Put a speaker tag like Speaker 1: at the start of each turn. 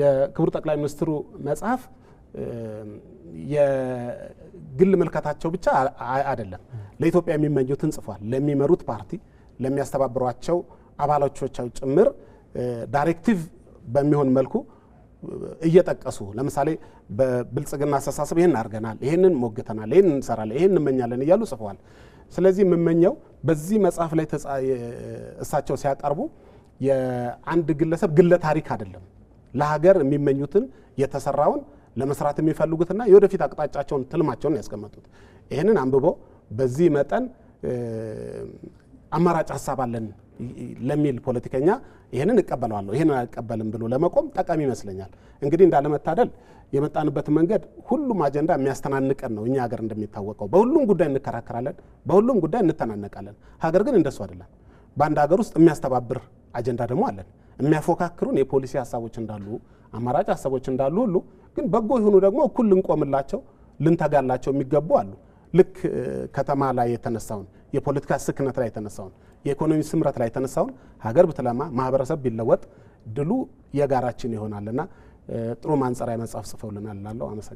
Speaker 1: የክቡር ጠቅላይ ሚኒስትሩ መጽሐፍ የግል ምልከታቸው ብቻ አይደለም። ለኢትዮጵያ የሚመኙትን ጽፏል። ለሚመሩት ፓርቲ፣ ለሚያስተባብሯቸው አባሎቻቸው ጭምር ዳይሬክቲቭ በሚሆን መልኩ እየጠቀሱ ለምሳሌ በብልጽግና አስተሳሰብ ይህን አድርገናል፣ ይህንን ሞግተናል፣ ይህን እንሰራለን፣ ይህን እንመኛለን እያሉ ጽፈዋል። ስለዚህ የምመኘው በዚህ መጽሐፍ ላይ እሳቸው ሲያቀርቡ የአንድ ግለሰብ ግለ ታሪክ አይደለም ለሀገር የሚመኙትን የተሰራውን ለመስራት የሚፈልጉትና የወደፊት አቅጣጫቸውን ትልማቸውን ያስቀመጡት ይህንን አንብቦ በዚህ መጠን አማራጭ ሀሳብ አለን ለሚል ፖለቲከኛ ይህንን እቀበለዋለሁ ይህንን አልቀበልም ብሎ ለመቆም ጠቃሚ ይመስለኛል። እንግዲህ እንዳለመታደል የመጣንበት መንገድ ሁሉም አጀንዳ የሚያስተናንቀን ነው። እኛ ሀገር እንደሚታወቀው በሁሉም ጉዳይ እንከራከራለን፣ በሁሉም ጉዳይ እንተናነቃለን። ሀገር ግን እንደሱ አይደለም። በአንድ ሀገር ውስጥ የሚያስተባብር አጀንዳ ደግሞ አለን። የሚያፎካክሩን የፖሊሲ ሀሳቦች እንዳሉ አማራጭ ሀሳቦች እንዳሉ ሁሉ ግን በጎ የሆኑ ደግሞ እኩል ልንቆምላቸው ልንተጋላቸው የሚገቡ አሉ። ልክ ከተማ ላይ የተነሳውን የፖለቲካ ስክነት ላይ የተነሳውን የኢኮኖሚ ስምረት ላይ የተነሳውን ሀገር ብትለማ ማህበረሰብ ቢለወጥ ድሉ የጋራችን ይሆናልና ጥሩ ማንጸሪያ መጽሐፍ ጽፈውልናል ላለው አመሰግናለሁ።